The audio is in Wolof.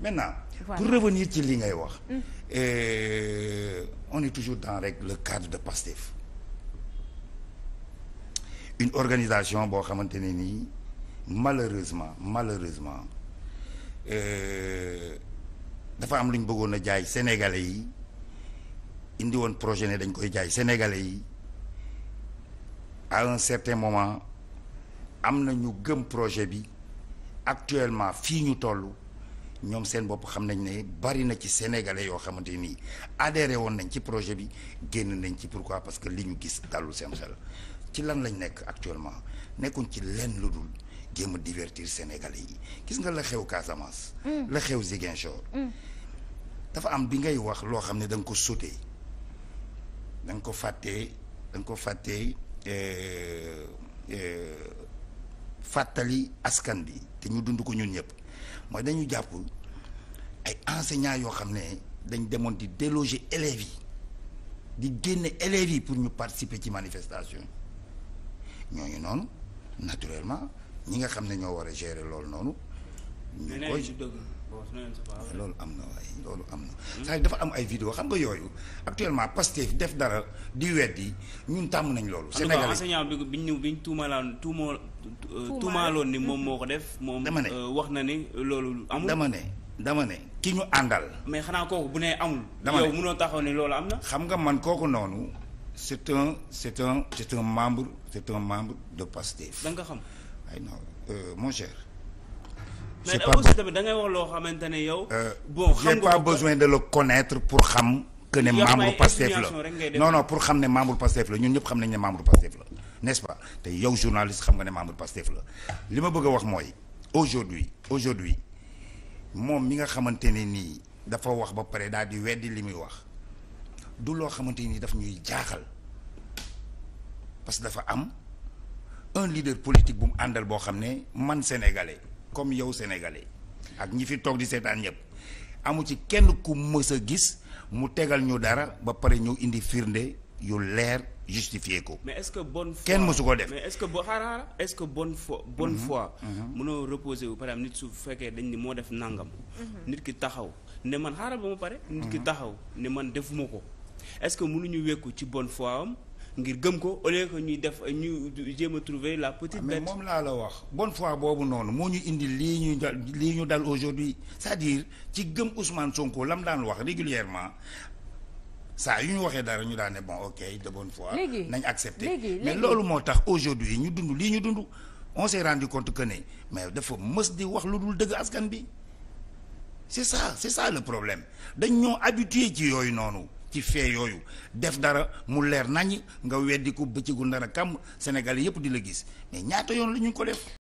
maintenant voilà. pour revenir ci li ngay wax mm. eh, on est toujours dans rek le cadre de PASTEF une organisation boo xamante ne nii malheureusement malheureusement eh, dafa am lu ñu bëggoon a jaay sénégalais yi indi woon projet ne dañ koy jaay sénégalais yi à un certain moment am na ñu gëm projet bi actuellement fii ñu toll ñoom seen bopp xam nañ ne bari na ci sénégalais yoo xamante nii adhéré woon nañ ci projet bi génn nañ ci pourquoi parce que li ñu gis dalul seen xel ci lan lañ nekk actuellement nekkuñ ci lenn lu dul jéem a divertir sénégalais yi gis nga la xew Casamance. Mm. la xew Ziguinchor. Mm. dafa am bi ngay wax loo xam ne da nga ko sauté da nga ko fàttee da nga fàttee euh, euh, fàttali askan bi te ñu dund ko ñun ñëpp. mooy dañu jàpp ay enseignants yoo xam ne dañ demoon di déloger élèves yi di génne élèves yi pour ñu participer ci manifestation ñooñu noonu naturellement ñi nga xam ne ñoo war a gérer loolu noonu ñu ko loolu am na waaye loolu am na. cest à dafa am ay vidéo xam nga yooyu actuellement Pastef def dara di weddi ñun tàmm nañ loolu. Sénégalais enseignant bi biñ ñu biñ tuumaalaan tuumoo. tuumaaloon ni moom moo ko def. moom ne euh, wax na ni loolu amul. dama ne dama ne ki ñu àndal. mais xanaa kooku bu ne amul. dama ne yow mënoo taxaw ne loolu am na. xam nga man kooku noonu. c'est un c'est un c'est membre c'est membre de Pastef. da nga xam. ay non euh, mon cher. mais aussi da loo xamante ne yow. Euh, bon xam nga j'ai pas besoin de le connaître pour xam. que ne membre Pastef la non non pour xam ne membre Pastef la ñun ñëpp xam nañ ne membre Pastef la n'est-ce pas te yow journaliste xam nga ne membre Pastef la li ma bëgg a wax mooy aujourd'hui aujourd'hui moom mi nga xamante ne nii dafa wax ba pare daal di weddi li muy wax du loo xamante ni dafa ñuy jaaxal parce que dafa am un leader politique bu mu àndal boo xam ne man sénégalais comme yow sénégalais ak ñi fi toog di seetaan ñëpp amu ci kenn ku mës a gis mu tegal ñu dara ba pare ñu indi firnde yu leer justifié ko. mais est-ce que bonne foi kenn mësu ko def. mais est-ce que bo xaaral est-ce que bonne foi. bonne mhm. foi. Mhm. mënoo reposer wu par exemple nit su fekkee dañ ni moo def nangam. Mhm. nit ki taxaw ne man xaaral ba mu pare. nit ki taxaw ne man defuma ko est-ce que mënuñu wekku ci bon foi am. ngir gëm ko au lieu ñuy def ñu jéem a trouver la petite ah, mais moom laa la wax bon fois boobu noonu moo ñu indi lii ñu dal lii ñu dal aujourd'hui c'est-à-dire ci gëm Ousmane Sonko lam daan wax régulièrement saa yu ñu waxee dara ñu daan ne bon ok de bonne foi. nañ accepté mais loolu moo tax aujourd'hui ñu dund lii ñu dund on s'est rendu compte que ne mais dafa mës di wax lu dul dëgg askan bi c'est ça c'est ça le problème dañ ñoo habitué ci yooyu noonu. ci fee yooyu def dara mu leer naññ nga weddi ko bëccëgu ndara kàmm Sénégal yëpp di la gis mais ñaata yoon la ko def.